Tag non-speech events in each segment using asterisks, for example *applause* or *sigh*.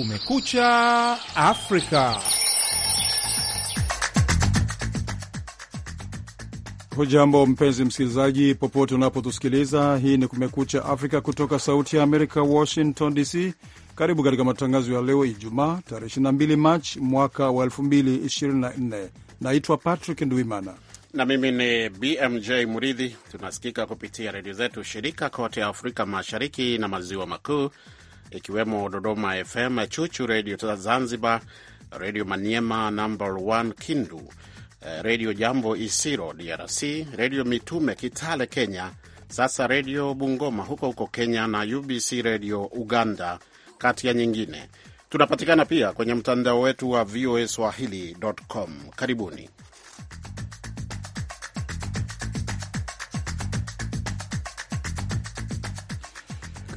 Kumekucha Afrika. Hujambo mpenzi msikilizaji, popote unapotusikiliza. Hii ni Kumekucha Afrika kutoka Sauti ya Amerika, Washington DC. Karibu katika matangazo ya leo Ijumaa, tarehe 22 Machi mwaka wa 2024. Naitwa Patrick Ndwimana na mimi ni BMJ Muridhi. Tunasikika kupitia redio zetu shirika kote Afrika Mashariki na Maziwa Makuu, ikiwemo Dodoma FM, Chuchu Redio Zanzibar, Redio Maniema number 1 Kindu, eh, Redio Jambo Isiro DRC, Redio Mitume Kitale Kenya, sasa Redio Bungoma huko huko Kenya na UBC Redio Uganda, kati ya nyingine. Tunapatikana pia kwenye mtandao wetu wa VOA Swahili.com. Karibuni.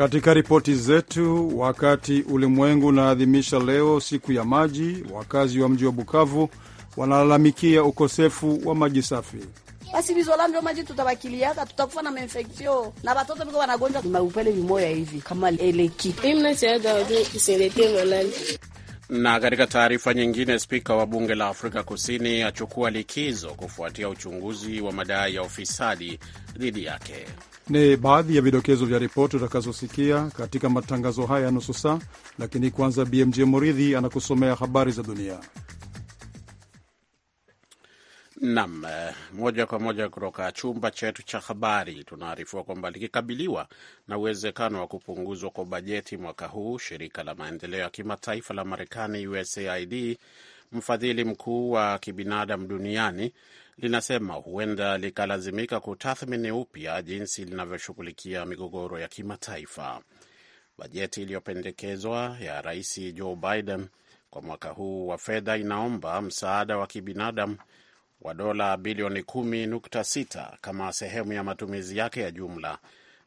Katika ripoti zetu, wakati ulimwengu unaadhimisha leo siku ya maji, wakazi wa mji wa Bukavu wanalalamikia ukosefu wa maji safi. Basi vizolamvyo maji tutabakiliaka tutakufa na mainfektio na watoto viko wanagonjwa maupele vimoya hivi kama eleki na katika taarifa nyingine, spika wa bunge la Afrika Kusini achukua likizo kufuatia uchunguzi wa madai ya ufisadi dhidi yake. Ni baadhi ya vidokezo vya ripoti utakazosikia katika matangazo haya ya nusu saa, lakini kwanza, BMJ Muridhi anakusomea habari za dunia. Nam, eh, moja kwa moja kutoka chumba chetu cha habari tunaarifiwa kwamba likikabiliwa na uwezekano wa kupunguzwa kwa bajeti mwaka huu, shirika la maendeleo ya kimataifa la Marekani, USAID, mfadhili mkuu wa kibinadamu duniani, linasema huenda likalazimika kutathmini upya jinsi linavyoshughulikia migogoro ya kimataifa. Bajeti iliyopendekezwa ya Rais Joe Biden kwa mwaka huu wa fedha inaomba msaada wa kibinadamu wa dola bilioni 10.6 kama sehemu ya matumizi yake ya jumla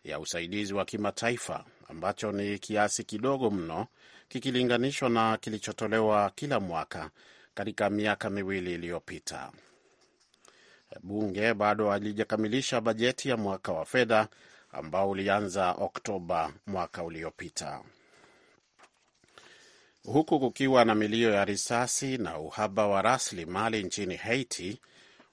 ya usaidizi wa kimataifa ambacho ni kiasi kidogo mno kikilinganishwa na kilichotolewa kila mwaka katika miaka miwili iliyopita. Bunge bado halijakamilisha bajeti ya mwaka wa fedha ambao ulianza Oktoba mwaka uliopita. Huku kukiwa na milio ya risasi na uhaba wa rasilimali nchini Haiti,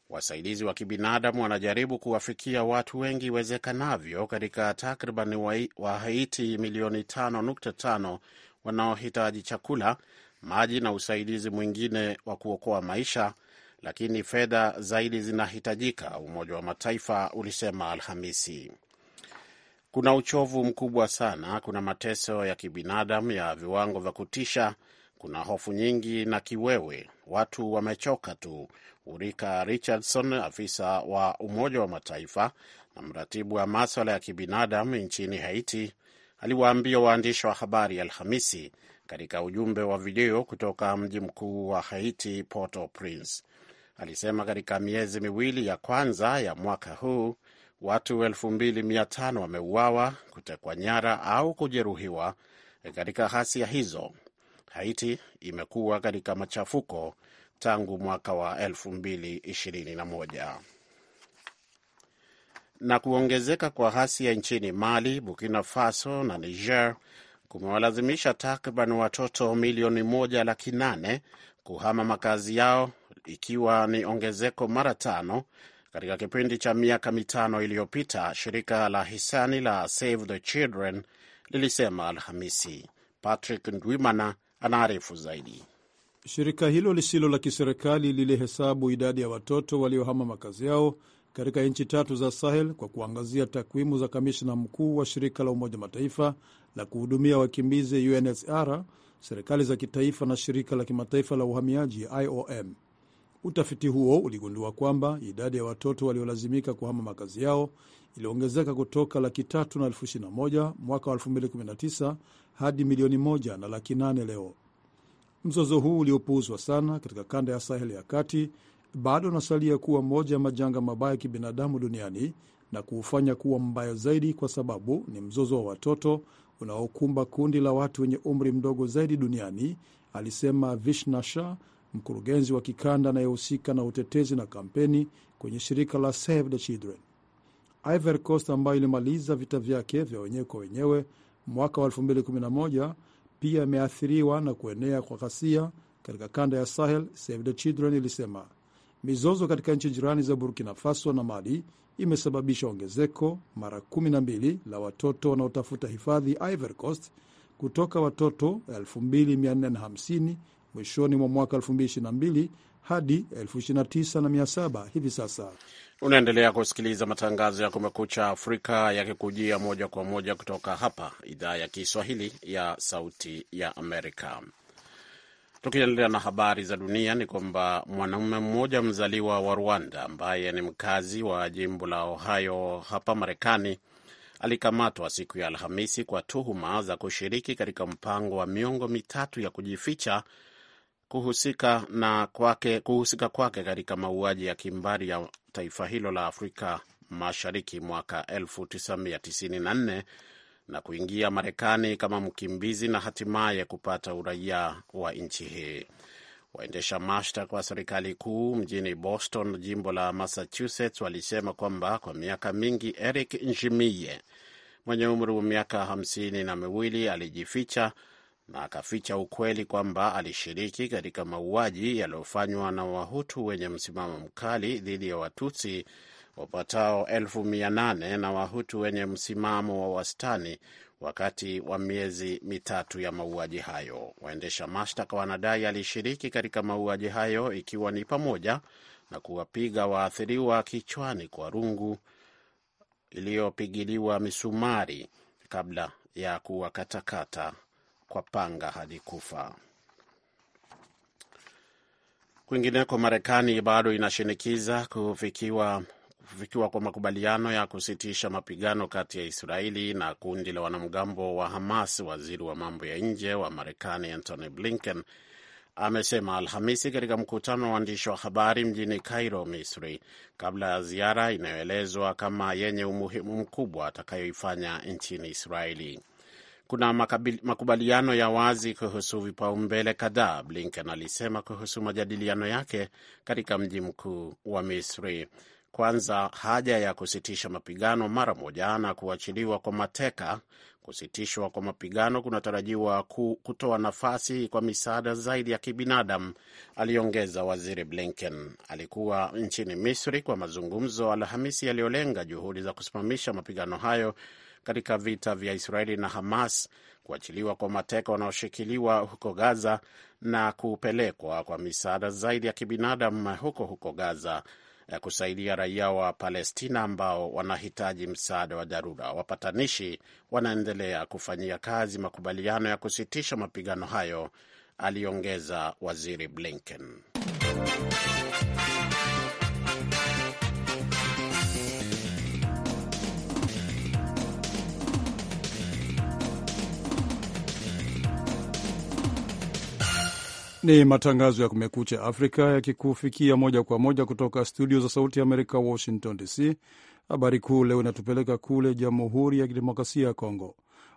wasaidizi wa kibinadamu wanajaribu kuwafikia watu wengi iwezekanavyo katika takriban Wahaiti milioni 5.5 wanaohitaji chakula, maji na usaidizi mwingine wa kuokoa maisha, lakini fedha zaidi zinahitajika, Umoja wa Mataifa ulisema Alhamisi. Kuna uchovu mkubwa sana, kuna mateso ya kibinadamu ya viwango vya kutisha, kuna hofu nyingi na kiwewe, watu wamechoka tu. Urika Richardson, afisa wa Umoja wa Mataifa na mratibu wa maswala ya kibinadamu nchini Haiti, aliwaambia waandishi wa habari Alhamisi katika ujumbe wa video kutoka mji mkuu wa Haiti, Port au Prince. Alisema katika miezi miwili ya kwanza ya mwaka huu watu 2500 wameuawa, kutekwa nyara au kujeruhiwa katika ghasia hizo. Haiti imekuwa katika machafuko tangu mwaka wa 2021 na kuongezeka kwa ghasia nchini Mali, Burkina Faso na Niger kumewalazimisha takriban watoto milioni moja laki nane kuhama makazi yao ikiwa ni ongezeko mara tano katika kipindi cha miaka mitano iliyopita, shirika la hisani la Save the Children lilisema Alhamisi. Patrick Ndwimana anaarifu zaidi. Shirika hilo lisilo la kiserikali lilihesabu idadi ya watoto waliohama makazi yao katika nchi tatu za Sahel kwa kuangazia takwimu za kamishna mkuu wa shirika la Umoja Mataifa la kuhudumia wakimbizi UNHCR, serikali za kitaifa na shirika la kimataifa la uhamiaji IOM. Utafiti huo uligundua kwamba idadi ya watoto waliolazimika kuhama makazi yao iliongezeka kutoka laki tatu na elfu ishirini na moja mwaka wa 2019 hadi milioni moja na laki nane leo. Mzozo huu uliopuuzwa sana katika kanda ya Saheli ya kati bado unasalia kuwa moja ya majanga mabaya ya kibinadamu duniani na kuufanya kuwa mbaya zaidi, kwa sababu ni mzozo wa watoto unaokumba kundi la watu wenye umri mdogo zaidi duniani, alisema Vishna Shah, mkurugenzi wa kikanda anayehusika na utetezi na kampeni kwenye shirika la Save the Children. Ivory Coast ambayo ilimaliza vita vyake vya wenyewe kwa wenyewe mwaka wa 2011 pia imeathiriwa na kuenea kwa ghasia katika kanda ya Sahel. Save the Children ilisema mizozo katika nchi jirani za Burkina Faso na Mali imesababisha ongezeko mara 12 la watoto wanaotafuta hifadhi Ivory Coast kutoka watoto 2450 mwishoni mwa mwaka 2022 hadi 29700 hivi sasa. Unaendelea kusikiliza matangazo ya Kumekucha Afrika yakikujia moja kwa moja kutoka hapa idhaa ya Kiswahili ya Sauti ya Amerika. Tukiendelea na habari za dunia, ni kwamba mwanaume mmoja mzaliwa wa Rwanda ambaye ni mkazi wa jimbo la Ohio hapa Marekani alikamatwa siku ya Alhamisi kwa tuhuma za kushiriki katika mpango wa miongo mitatu ya kujificha kuhusika na kwake kuhusika kwake katika mauaji ya kimbari ya taifa hilo la Afrika Mashariki mwaka 1994 na kuingia Marekani kama mkimbizi na hatimaye kupata uraia wa nchi hii. Waendesha mashtaka wa serikali kuu mjini Boston, jimbo la Massachusetts, walisema kwamba kwa miaka mingi Eric Njimiye mwenye umri wa miaka hamsini na miwili alijificha na akaficha ukweli kwamba alishiriki katika mauaji yaliyofanywa na Wahutu wenye msimamo mkali dhidi ya Watutsi wapatao elfu mia nane na Wahutu wenye msimamo wa wastani wakati wa miezi mitatu ya mauaji hayo. Waendesha mashtaka wanadai alishiriki katika mauaji hayo ikiwa ni pamoja na kuwapiga waathiriwa kichwani kwa rungu iliyopigiliwa misumari kabla ya kuwakatakata kwa panga hadi kufa. Kwingineko, Marekani bado inashinikiza kufikiwa kufikiwa kwa makubaliano ya kusitisha mapigano kati ya Israeli na kundi la wanamgambo wa Hamas. Waziri wa mambo ya nje wa Marekani Antony Blinken amesema Alhamisi katika mkutano wa waandishi wa habari mjini Cairo, Misri, kabla ya ziara inayoelezwa kama yenye umuhimu mkubwa atakayoifanya nchini Israeli kuna makabili, makubaliano ya wazi kuhusu vipaumbele kadhaa, Blinken alisema kuhusu majadiliano yake katika mji mkuu wa Misri. Kwanza, haja ya kusitisha mapigano mara moja na kuachiliwa kwa mateka. Kusitishwa kwa mapigano kunatarajiwa kutoa nafasi kwa misaada zaidi ya kibinadamu, aliongeza waziri Blinken. Alikuwa nchini Misri kwa mazungumzo Alhamisi yaliyolenga juhudi za kusimamisha mapigano hayo katika vita vya Israeli na Hamas, kuachiliwa kwa mateka wanaoshikiliwa huko Gaza na kupelekwa kwa misaada zaidi ya kibinadamu huko huko Gaza ya eh, kusaidia raia wa Palestina ambao wanahitaji msaada wa dharura. Wapatanishi wanaendelea kufanyia kazi makubaliano ya kusitisha mapigano hayo, aliongeza Waziri Blinken. Ni matangazo ya Kumekucha Afrika yakikufikia moja kwa moja kutoka studio za Sauti ya Amerika, Washington DC. Habari kuu leo inatupeleka kule Jamhuri ya Kidemokrasia ya Kongo.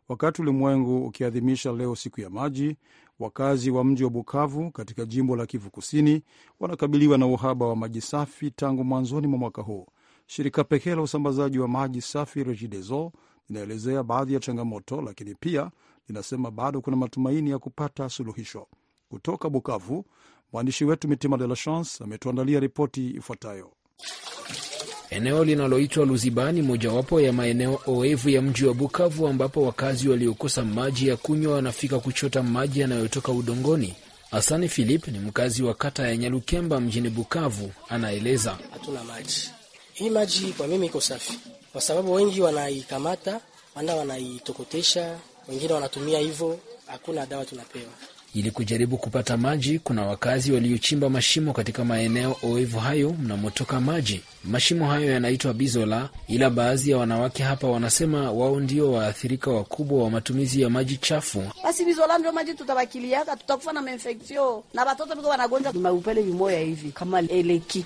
Wakati ulimwengu ukiadhimisha leo siku ya maji, wakazi wa mji wa Bukavu katika jimbo la Kivu Kusini wanakabiliwa na uhaba wa maji safi tangu mwanzoni mwa mwaka huu. Shirika pekee la usambazaji wa maji safi Regideso linaelezea baadhi ya changamoto, lakini pia linasema bado kuna matumaini ya kupata suluhisho. Kutoka Bukavu, mwandishi wetu Mitima De La Chance ametuandalia ripoti ifuatayo. Eneo linaloitwa Luziba ni mojawapo ya maeneo oevu ya mji wa Bukavu, ambapo wakazi waliokosa maji ya kunywa wanafika kuchota maji yanayotoka udongoni. hasani Philip ni mkazi wa kata ya Nyalukemba mjini Bukavu, anaeleza. Hatuna maji. Hii maji kwa mimi iko safi, kwa sababu wengi wanaikamata, wana wanaitokotesha, wengine wanatumia hivyo. Hakuna dawa tunapewa ili kujaribu kupata maji, kuna wakazi waliochimba mashimo katika maeneo oevu hayo mnamotoka maji. Mashimo hayo yanaitwa bizola, ila baadhi ya wanawake hapa wanasema wao ndio waathirika wakubwa wa matumizi ya maji chafu. Basi bizola ndio maji tutabakiliaka, tutakufa na mainfektio na watoto viko wanagonja maupele vimoya hivi kama eleki.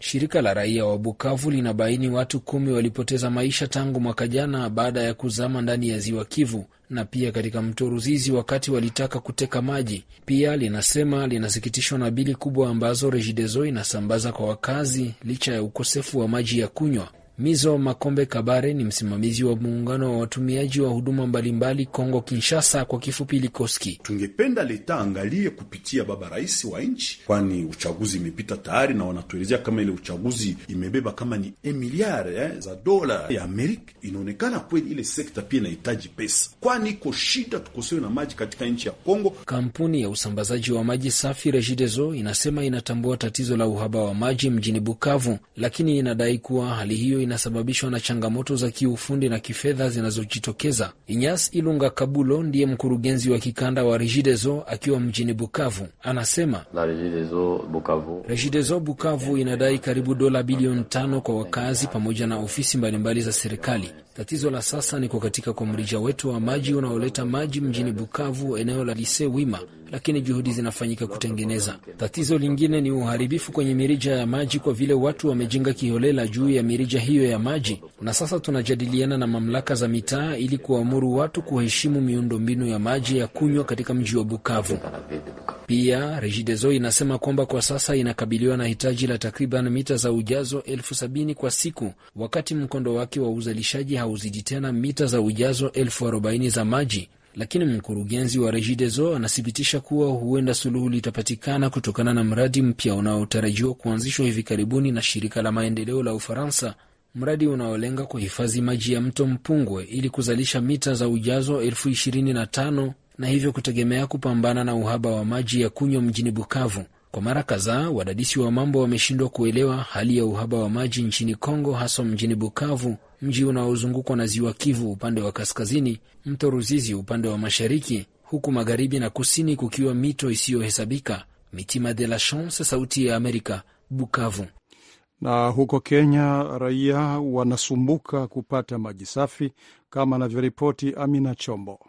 Shirika la raia wa Bukavu linabaini watu kumi walipoteza maisha tangu mwaka jana baada ya kuzama ndani ya ziwa Kivu na pia katika mto Ruzizi wakati walitaka kuteka maji. Pia linasema linasikitishwa na bili kubwa ambazo Regideso inasambaza kwa wakazi licha ya ukosefu wa maji ya kunywa. Mizo Makombe Kabare ni msimamizi wa muungano wa watumiaji wa huduma mbalimbali Kongo Kinshasa, kwa kifupi Likoski. Tungependa leta angalie kupitia baba rais wa nchi, kwani uchaguzi imepita tayari na wanatuelezea kama ile uchaguzi imebeba kama ni emiliare eh, za dola ya Amerika. Inaonekana kweli ile sekta pia inahitaji pesa, kwani iko shida tukosewe na maji katika nchi ya Kongo. Kampuni ya usambazaji wa maji safi Regideso inasema inatambua tatizo la uhaba wa maji mjini Bukavu, lakini inadai kuwa hali hiyo inasababishwa na changamoto za kiufundi na kifedha zinazojitokeza. Inyas Ilunga Kabulo ndiye mkurugenzi wa kikanda wa Regideso akiwa mjini Bukavu, anasema Regideso Bukavu. inadai karibu dola bilioni tano kwa wakazi pamoja na ofisi mbalimbali za serikali. Tatizo la sasa ni kukatika kwa mrija wetu wa maji unaoleta maji mjini Bukavu, eneo la Lise Wima, lakini juhudi zinafanyika kutengeneza. Tatizo lingine ni uharibifu kwenye mirija ya maji, kwa vile watu wamejenga kiholela juu ya mirija hiyo ya maji, na sasa tunajadiliana na mamlaka za mitaa ili kuamuru watu kuheshimu miundombinu ya maji ya kunywa katika mji wa Bukavu. Pia Regideso inasema kwamba kwa sasa inakabiliwa na hitaji la takriban mita za ujazo elfu sabini kwa siku, wakati mkondo wake wa uzalishaji hauzidi tena mita za ujazo elfu arobaini za maji, lakini mkurugenzi wa Regideso anathibitisha kuwa huenda suluhu litapatikana kutokana na mradi mpya unaotarajiwa kuanzishwa hivi karibuni na shirika la maendeleo la Ufaransa, mradi unaolenga kuhifadhi maji ya mto Mpungwe ili kuzalisha mita za ujazo elfu ishirini na tano na hivyo kutegemea kupambana na uhaba wa maji ya kunywa mjini Bukavu. Kwa mara kadhaa wadadisi wa mambo wameshindwa kuelewa hali ya uhaba wa maji nchini Kongo, haswa mjini Bukavu, mji unaozungukwa na ziwa Kivu upande wa kaskazini, mto Ruzizi upande wa mashariki, huku magharibi na kusini kukiwa mito isiyohesabika. Mitima de la Chance, Sauti ya Amerika, Bukavu. Na huko Kenya raia wanasumbuka kupata maji safi, kama anavyoripoti Amina Chombo.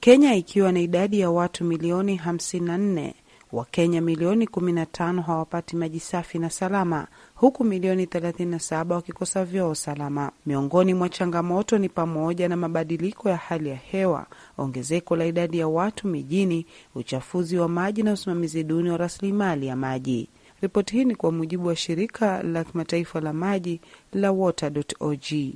Kenya ikiwa na idadi ya watu milioni 54 Wakenya milioni 15 hawapati maji safi na salama huku milioni 37 wakikosa vyoo salama. Miongoni mwa changamoto ni pamoja na mabadiliko ya hali ya hewa, ongezeko la idadi ya watu mijini, uchafuzi wa maji na usimamizi duni wa rasilimali ya maji. Ripoti hii ni kwa mujibu wa shirika la kimataifa la maji la Water.org.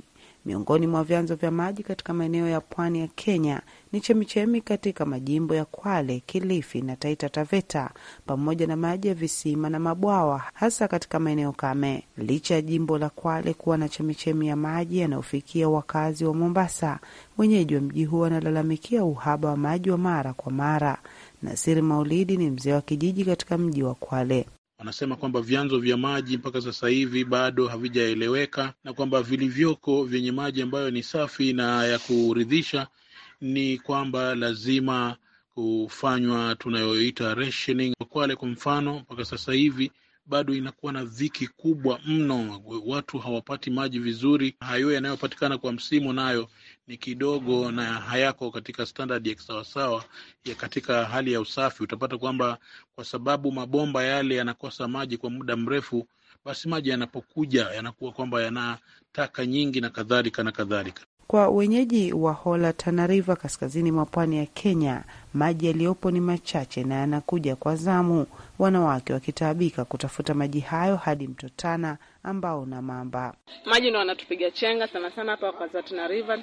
Miongoni mwa vyanzo vya maji katika maeneo ya pwani ya Kenya ni chemichemi katika majimbo ya Kwale, Kilifi na Taita Taveta, pamoja na maji ya visima na mabwawa, hasa katika maeneo kame. Licha ya jimbo la Kwale kuwa na chemichemi ya maji yanayofikia wakazi wa Mombasa, wenyeji wa mji huo wanalalamikia uhaba wa maji wa mara kwa mara. Nasiri Maulidi ni mzee wa kijiji katika mji wa Kwale. Wanasema kwamba vyanzo vya maji mpaka sasa hivi bado havijaeleweka na kwamba vilivyoko vyenye maji ambayo ni safi na ya kuridhisha ni kwamba lazima kufanywa tunayoita rationing. Kwale kwa mfano, mpaka sasa hivi bado inakuwa na dhiki kubwa mno, watu hawapati maji vizuri. Hayo yanayopatikana kwa msimu nayo ni kidogo na hayako katika standard ya kisawasawa ya katika hali ya usafi. Utapata kwamba kwa sababu mabomba yale yanakosa maji kwa muda mrefu, basi maji yanapokuja yanakuwa kwamba yana taka nyingi na kadhalika na kadhalika. Kwa wenyeji wa Hola Tanariva, kaskazini mwa pwani ya Kenya, maji yaliyopo ni machache na yanakuja kwa zamu, wanawake wakitaabika kutafuta maji hayo hadi mto Tana ambao una mamba. Maji ndo wanatupiga chenga sana sana hapa kwa Tanariva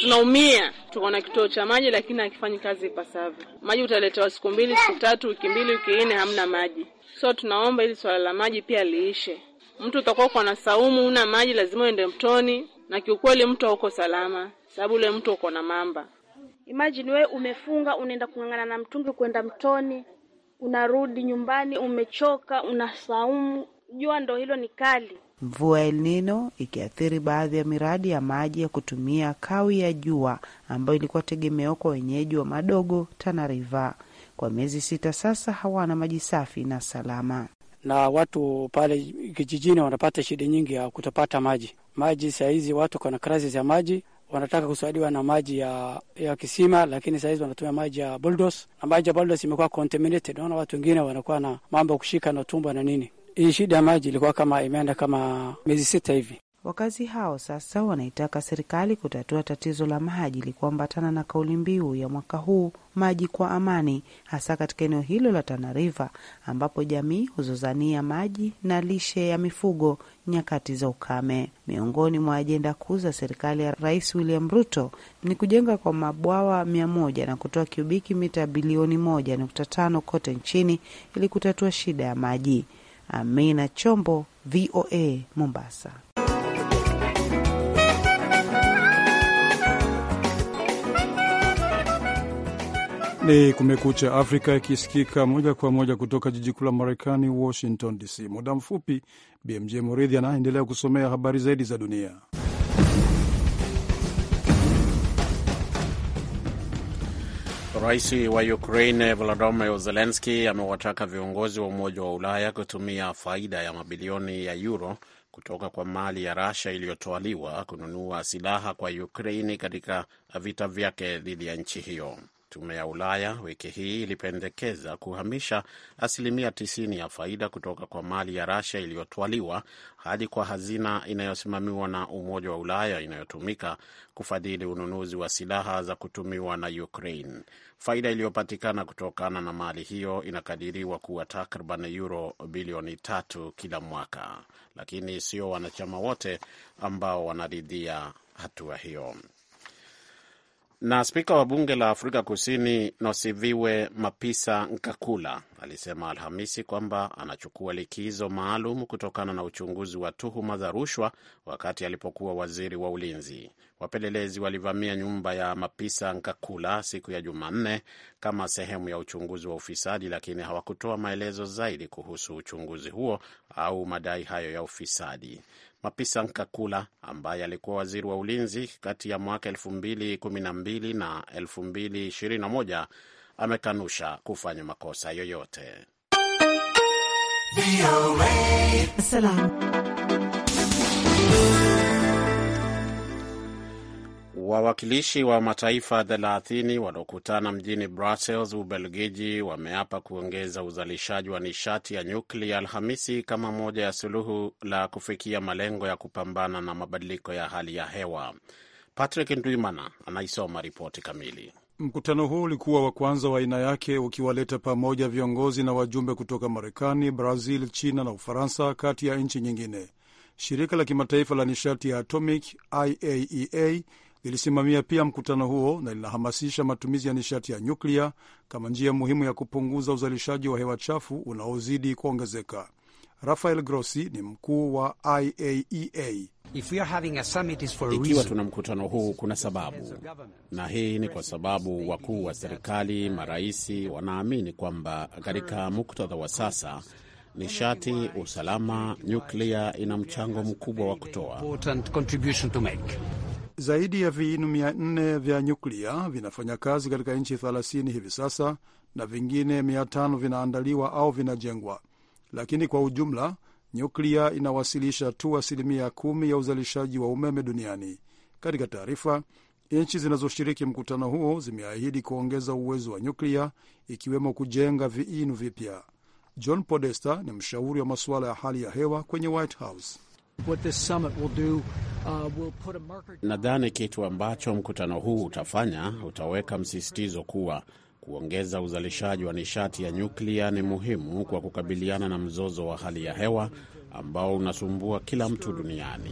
tunaumia. Tuko na kituo cha maji, lakini hakifanyi kazi ipasavyo. Maji utaletewa siku mbili, siku tatu, wiki mbili, wiki nne, hamna maji. So tunaomba ili swala la maji pia liishe. Mtu utakuwa uko na saumu, una maji, lazima uende mtoni, na kiukweli mtu hauko salama, sababu ule mtu uko na mamba. Imagine wewe umefunga, unaenda kung'ang'ana na mtungi kwenda mtoni, unarudi nyumbani umechoka, una saumu. Jua ndo hilo ni kali. Mvua El Nino ikiathiri baadhi ya miradi ya maji ya kutumia kawi ya jua ambayo ilikuwa tegemeo kwa wenyeji wa Madogo, Tana River. Kwa miezi sita sasa hawana maji safi na salama, na watu pale kijijini wanapata shida nyingi ya kutopata maji. Maji sahizi watu kona crisis ya maji wanataka kusaidiwa na maji ya, ya kisima, lakini sahizi wanatumia maji ya buldos, na maji ya buldos imekuwa contaminated. Naona watu wengine wanakuwa na mambo ya kushika na tumbo na nini hii shida ya maji ilikuwa kama imeenda kama miezi sita hivi. Wakazi hao sasa wanaitaka serikali kutatua tatizo la maji likuambatana na kauli mbiu ya mwaka huu maji kwa amani, hasa katika eneo hilo la Tana River ambapo jamii huzozania maji na lishe ya mifugo nyakati za ukame. Miongoni mwa ajenda kuu za serikali ya Rais William Ruto ni kujenga kwa mabwawa mia moja na kutoa kiubiki mita bilioni moja nukta tano kote nchini ili kutatua shida ya maji. Amina Chombo, VOA Mombasa. Ni Kumekucha Afrika ikisikika moja kwa moja kutoka jiji kuu la Marekani, Washington DC. Muda mfupi BMJ Moridhi anaendelea kusomea habari zaidi za dunia. Rais wa Ukraine Volodymyr zelenski amewataka viongozi wa Umoja wa Ulaya kutumia faida ya mabilioni ya euro kutoka kwa mali ya Russia iliyotoaliwa kununua silaha kwa Ukraini katika vita vyake dhidi ya nchi hiyo. Tume ya Ulaya wiki hii ilipendekeza kuhamisha asilimia 90 ya faida kutoka kwa mali ya Russia iliyotwaliwa hadi kwa hazina inayosimamiwa na Umoja wa Ulaya inayotumika kufadhili ununuzi wa silaha za kutumiwa na Ukraine. Faida iliyopatikana kutokana na mali hiyo inakadiriwa kuwa takriban euro bilioni tatu kila mwaka, lakini sio wanachama wote ambao wanaridhia hatua hiyo. Na spika wa bunge la Afrika Kusini Nosiviwe Mapisa Nkakula alisema Alhamisi kwamba anachukua likizo maalum kutokana na uchunguzi wa tuhuma za rushwa wakati alipokuwa waziri wa ulinzi. Wapelelezi walivamia nyumba ya Mapisa Nkakula siku ya Jumanne kama sehemu ya uchunguzi wa ufisadi, lakini hawakutoa maelezo zaidi kuhusu uchunguzi huo au madai hayo ya ufisadi. Mapisa Nkakula ambaye alikuwa waziri wa ulinzi kati ya mwaka 2012 na 2021 amekanusha kufanya makosa yoyote. Salam. Wawakilishi wa mataifa 30 waliokutana mjini Brussels, Ubelgiji, wameapa kuongeza uzalishaji wa nishati ya nyuklia Alhamisi kama moja ya suluhu la kufikia malengo ya kupambana na mabadiliko ya hali ya hewa. Patrick Ndwimana anaisoma ripoti kamili. Mkutano huu ulikuwa wa kwanza wa aina yake ukiwaleta pamoja viongozi na wajumbe kutoka Marekani, Brazil, China na Ufaransa, kati ya nchi nyingine. Shirika la kimataifa la nishati ya atomic IAEA e lilisimamia pia mkutano huo na linahamasisha matumizi ya nishati ya nyuklia kama njia muhimu ya kupunguza uzalishaji wa hewa chafu unaozidi kuongezeka. Rafael Grossi ni mkuu wa IAEA. E Ikiwa tuna mkutano huu kuna sababu, na hii ni kwa sababu wakuu wa serikali, maraisi wanaamini kwamba katika muktadha wa sasa nishati, usalama, nyuklia ina mchango mkubwa wa kutoa. Zaidi ya vinu mia nne vya nyuklia vinafanya kazi katika nchi 30 hivi sasa na vingine mia tano vinaandaliwa au vinajengwa, lakini kwa ujumla nyuklia inawasilisha tu asilimia kumi ya uzalishaji wa umeme duniani. Katika taarifa, nchi zinazoshiriki mkutano huo zimeahidi kuongeza uwezo wa nyuklia, ikiwemo kujenga viinu vipya. John Podesta ni mshauri wa masuala ya hali ya hewa kwenye White House. Uh, Nadhani kitu ambacho mkutano huu utafanya, utaweka msisitizo kuwa kuongeza uzalishaji wa nishati ya nyuklia ni muhimu kwa kukabiliana na mzozo wa hali ya hewa ambao unasumbua kila mtu duniani.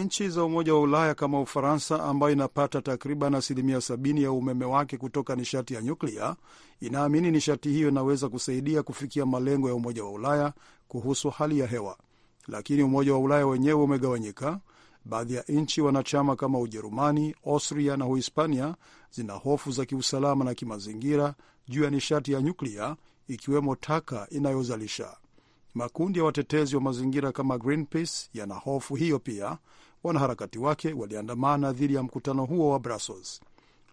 Nchi za Umoja wa Ulaya kama Ufaransa, ambayo inapata takriban asilimia sabini ya umeme wake kutoka nishati ya nyuklia, inaamini nishati hiyo inaweza kusaidia kufikia malengo ya Umoja wa Ulaya kuhusu hali ya hewa. Lakini Umoja wa Ulaya wenyewe umegawanyika. Baadhi ya nchi wanachama kama Ujerumani, Austria na Uhispania zina hofu za kiusalama na kimazingira juu ya nishati ya nyuklia, ikiwemo taka inayozalisha. Makundi ya watetezi wa mazingira kama Greenpeace yana hofu hiyo pia wanaharakati wake waliandamana dhidi ya mkutano huo wa Brussels.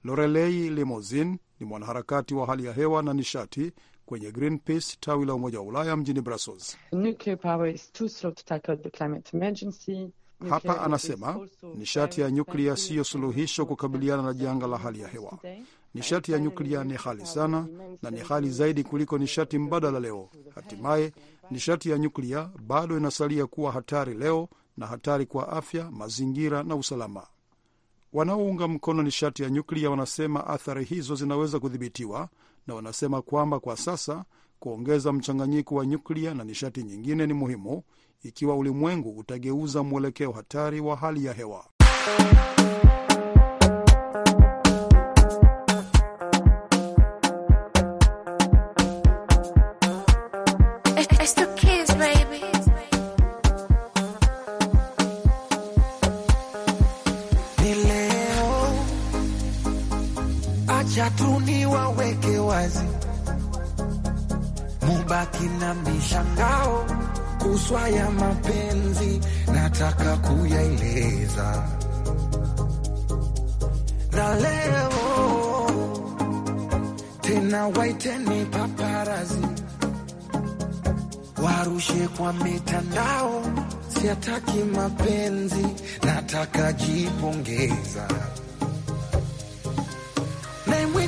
Lorelei Limousin ni mwanaharakati wa hali ya hewa na nishati kwenye Greenpeace tawi la Umoja wa Ulaya mjini Brussels. Hapa anasema nishati ya nyuklia siyo suluhisho kukabiliana na janga la hali ya hewa. Nishati ya nyuklia ni ghali sana na ni ghali zaidi kuliko nishati mbadala leo. Hatimaye nishati ya nyuklia bado inasalia kuwa hatari leo na hatari kwa afya, mazingira na usalama. Wanaounga mkono nishati ya nyuklia wanasema athari hizo zinaweza kudhibitiwa, na wanasema kwamba kwa sasa kuongeza mchanganyiko wa nyuklia na nishati nyingine ni muhimu ikiwa ulimwengu utageuza mwelekeo hatari wa hali ya hewa. matuni waweke wazi, mubaki na mishangao kuswa ya mapenzi, nataka kuyaeleza na leo tena, waiteni paparazi warushe kwa mitandao, siataki mapenzi, nataka jipongeza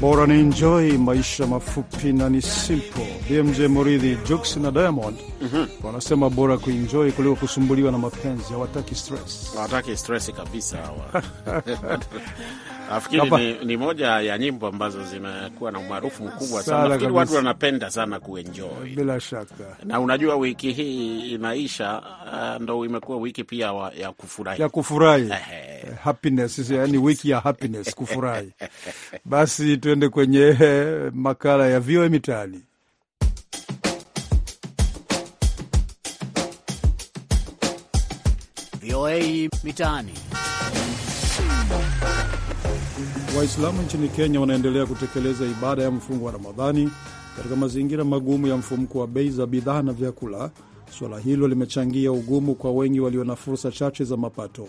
bora ni enjoy maisha mafupi na ni simple BMJ Moridhi, Jux na Diamond mm -hmm. Wanasema bora kuenjoy kuliko kusumbuliwa na mapenzi, hawataki stress, hawataki stress kabisa hawa *laughs* Nafikiri ni, ni moja ya nyimbo ambazo zimekuwa na umaarufu mkubwa sana. Nafikiri watu wanapenda sana kuenjoy. Bila shaka. Na unajua wiki hii inaisha, uh, ndo imekuwa wiki pia wa, ya kufurahi. Ya kufurahi. Happiness, is, yani wiki ya happiness, kufurahi. *laughs* Basi tuende kwenye eh, makala ya VOA Mitaani. VOA Mitaani. Waislamu nchini Kenya wanaendelea kutekeleza ibada ya mfungo wa Ramadhani katika mazingira magumu ya mfumko wa bei za bidhaa na vyakula. Suala hilo limechangia ugumu kwa wengi walio na fursa chache za mapato.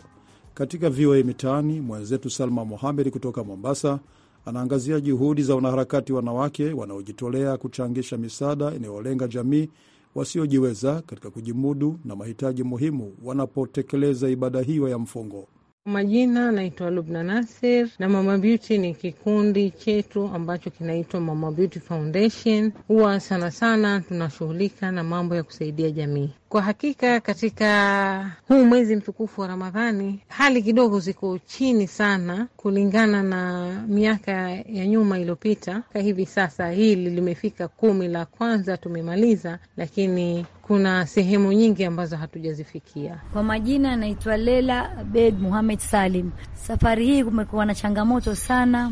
Katika VOA Mitaani, mwenzetu Salma Mohamed kutoka Mombasa anaangazia juhudi za wanaharakati wanawake wanaojitolea kuchangisha misaada inayolenga jamii wasiojiweza katika kujimudu na mahitaji muhimu wanapotekeleza ibada hiyo ya mfungo. Majina naitwa Lubna Nasir na Mama Beauty ni kikundi chetu ambacho kinaitwa Mama Beauty Foundation. Huwa sana sana tunashughulika na mambo ya kusaidia jamii. Kwa hakika katika huu mwezi mtukufu wa Ramadhani hali kidogo ziko chini sana kulingana na miaka ya nyuma iliyopita. Hivi sasa hili limefika kumi la kwanza tumemaliza, lakini kuna sehemu nyingi ambazo hatujazifikia. Kwa majina anaitwa Lela Abed Muhamed Salim. Safari hii kumekuwa na changamoto sana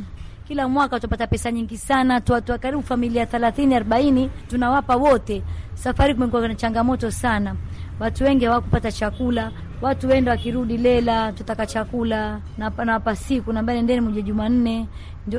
kila mwaka tupata pesa nyingi sana, tuwatu karibu familia 30 40 tunawapa wote. Safari kumekuwa na changamoto sana, watu wengi hawakupata chakula, watu wenda wakirudi lela, tutaka chakula hapa siku mbele, ndeni mje Jumanne,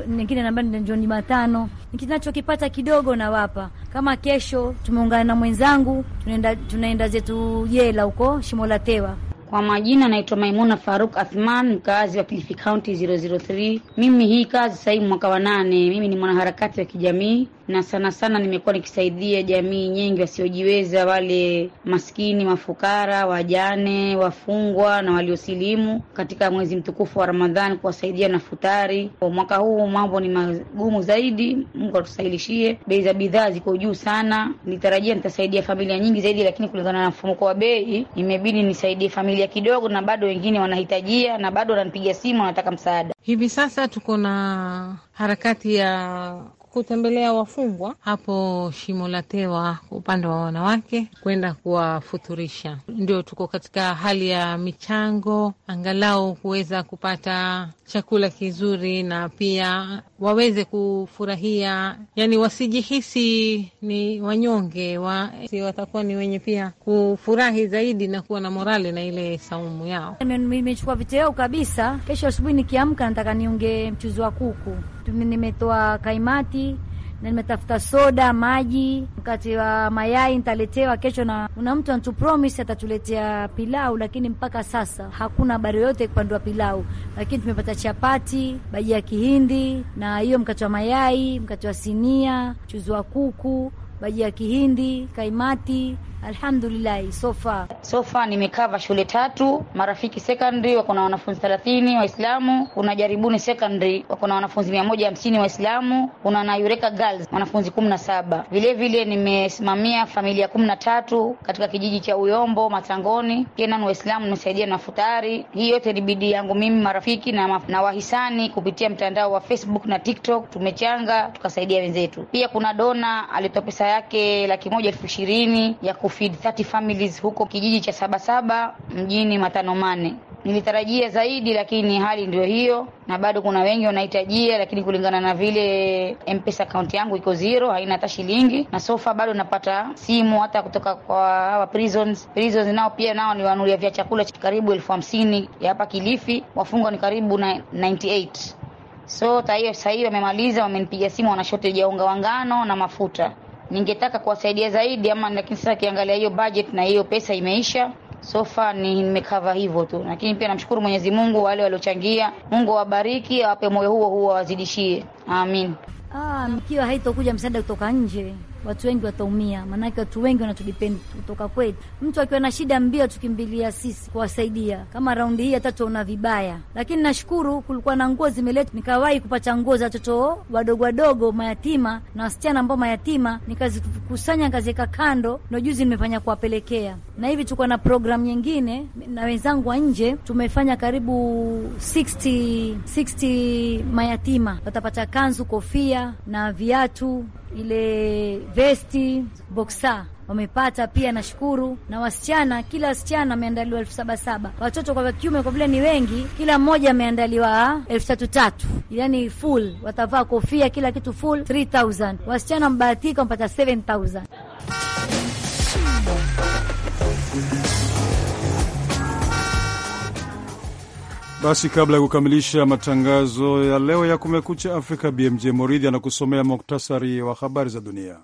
nyingine namba ndio Jumatano, kinachokipata kidogo nawapa. Kama kesho tumeungana na mwenzangu, tunaenda tunaenda zetu jela huko Shimo la Tewa kwa majina naitwa Maimuna Faruk Athman, mkazi wa Kilifi County 003. Mimi hii kazi sasa hivi mwaka wa nane. Mimi ni mwanaharakati wa kijamii na sana sana nimekuwa nikisaidia jamii nyingi wasiojiweza, wale maskini, mafukara, wajane, wafungwa na waliosilimu katika mwezi mtukufu wa Ramadhani, kuwasaidia na futari. Kwa mwaka huu mambo ni magumu zaidi, Mungu atusailishie. Bei za bidhaa ziko juu sana, nitarajia nitasaidia familia nyingi zaidi, lakini kulingana na mfumuko wa bei imebidi nisaidie familia wanafuatilia kidogo, na bado wengine wanahitajia na bado wananipiga simu, wanataka msaada. Hivi sasa tuko na harakati ya kutembelea wafungwa hapo Shimo la Tewa upande wa wanawake kwenda kuwafuturisha. Ndio tuko katika hali ya michango, angalau kuweza kupata chakula kizuri na pia waweze kufurahia, yani wasijihisi ni wanyonge wa, si watakuwa ni wenye pia kufurahi zaidi na kuwa na morali na ile saumu yao. Nimechukua vitoweo kabisa. Kesho asubuhi nikiamka, nataka niunge mchuzi wa kuku, nimetoa kaimati na nimetafuta soda, maji, mkate wa mayai nitaletewa kesho, na kuna mtu antu promise atatuletea pilau, lakini mpaka sasa hakuna habari yoyote kupandua pilau, lakini tumepata chapati, baji ya kihindi na hiyo mkate wa mayai, mkate wa sinia, mchuzi wa kuku, baji ya kihindi, kaimati Alhamdulillahi, sofa sofa, nimekava shule tatu, Marafiki Secondary wako na wanafunzi 30 Waislamu, kuna Jaribuni Secondary wako na wanafunzi 150 Waislamu, kuna na Yureka Girls wanafunzi 17. Vile vile nimesimamia familia 13 katika kijiji cha Uyombo Matangoni, pia ni Waislamu, nimesaidia na futari. Hii yote ni bidii yangu mimi, marafiki na, na wahisani kupitia mtandao wa Facebook na TikTok, tumechanga tukasaidia wenzetu. Pia kuna dona alitoa pesa yake laki moja elfu ishirini ya kufu kufeed 30 families huko kijiji cha Sabasaba mjini Matano Mane. Nilitarajia zaidi, lakini hali ndio hiyo, na bado kuna wengi wanahitajia, lakini kulingana na vile mpesa pesa account yangu iko zero, haina hata shilingi, na sofa bado napata simu hata kutoka kwa hawa prisons. Prisons nao pia nao niwanulia vya chakula cha karibu elfu hamsini ya hapa Kilifi, wafungwa ni karibu na 98 so tayari sasa hivi wamemaliza, wamenipiga simu, wana shortage ya unga wa ngano na mafuta ningetaka kuwasaidia zaidi ama, lakini sasa kiangalia hiyo budget na hiyo pesa imeisha. So far ni nimekava hivyo tu, lakini pia namshukuru Mwenyezi Mungu wale waliochangia. Mungu awabariki, awape moyo huo huo, awazidishie. Amin. Ah, mkiwa haitokuja msaada kutoka nje watu wengi wataumia, maanake watu wengi wanatudepend kutoka kwetu. Mtu akiwa na shida mbio, tukimbilia sisi kuwasaidia. Kama raundi hii hata tuona vibaya, lakini nashukuru kulikuwa na nguo zimeletwa, nikawahi kupata nguo za watoto wadogo wadogo mayatima na wasichana ambao mayatima, nikazikusanya nikaziweka kando, na juzi nimefanya kuwapelekea. Na hivi tuko na programu nyingine na wenzangu wa nje, tumefanya karibu 60, 60 mayatima watapata kanzu, kofia na viatu ile vesti boksa wamepata pia, nashukuru. Na wasichana, kila wasichana ameandaliwa elfu saba saba, watoto kwa kiume, kwa vile ni wengi, kila mmoja ameandaliwa ah, elfu tatu tatu, yani full. Watavaa kofia, kila kitu full 3000 wasichana, wamebahatika wamepata 7000 Basi kabla ya kukamilisha matangazo ya leo ya Kumekucha Afrika, BMJ Moridhi anakusomea muktasari wa habari za dunia.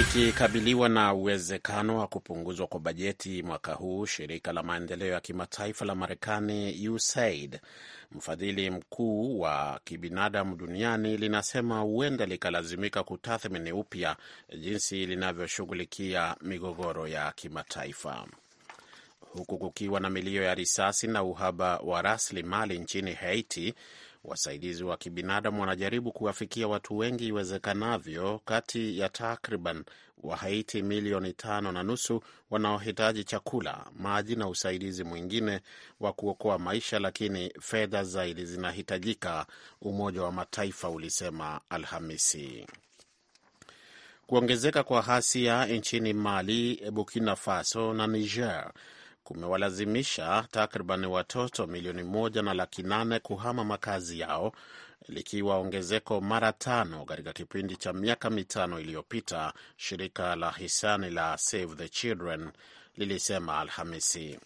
ikikabiliwa na uwezekano wa kupunguzwa kwa bajeti mwaka huu, shirika la maendeleo ya kimataifa la Marekani, USAID, mfadhili mkuu wa kibinadamu duniani, linasema huenda likalazimika kutathmini upya jinsi linavyoshughulikia migogoro ya kimataifa. Huku kukiwa na milio ya risasi na uhaba wa rasilimali nchini Haiti, Wasaidizi wa kibinadamu wanajaribu kuwafikia watu wengi iwezekanavyo kati ya takriban Wahaiti milioni tano na nusu wanaohitaji chakula, maji na usaidizi mwingine wa kuokoa maisha, lakini fedha zaidi zinahitajika, Umoja wa Mataifa ulisema Alhamisi. Kuongezeka kwa ghasia nchini Mali, Burkina Faso na Niger kumewalazimisha takriban watoto milioni moja na laki nane kuhama makazi yao likiwa ongezeko mara tano katika kipindi cha miaka mitano iliyopita, shirika la hisani la Save the Children lilisema Alhamisi.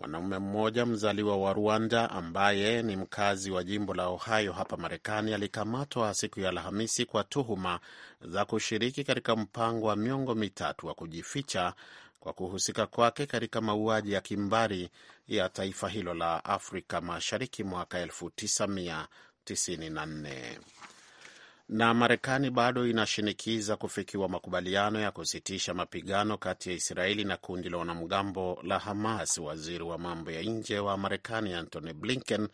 Mwanaume mmoja mzaliwa wa Rwanda ambaye ni mkazi wa jimbo la Ohio hapa Marekani alikamatwa siku ya Alhamisi kwa tuhuma za kushiriki katika mpango wa miongo mitatu wa kujificha kwa kuhusika kwake katika mauaji ya kimbari ya taifa hilo la Afrika Mashariki mwaka 1994. Na Marekani bado inashinikiza kufikiwa makubaliano ya kusitisha mapigano kati ya Israeli na kundi la wanamgambo la Hamas. Waziri wa mambo ya nje wa Marekani Antony Blinken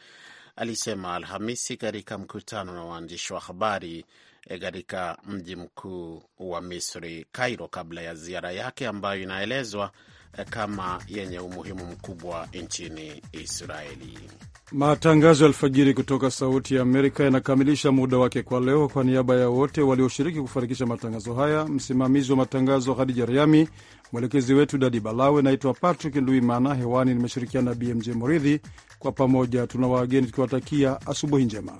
alisema Alhamisi katika mkutano na waandishi wa habari eh, katika mji mkuu wa Misri, Cairo, kabla ya ziara yake ambayo inaelezwa kama yenye umuhimu mkubwa nchini Israeli. Matangazo ya alfajiri kutoka Sauti ya Amerika yanakamilisha muda wake kwa leo. Kwa niaba ya wote walioshiriki kufanikisha matangazo haya, msimamizi wa matangazo Hadija Riami, mwelekezi wetu Dadi Balawe, naitwa Patrick Nduimana. Hewani nimeshirikiana na BMJ Moridhi. Kwa pamoja tuna wageni tukiwatakia asubuhi njema.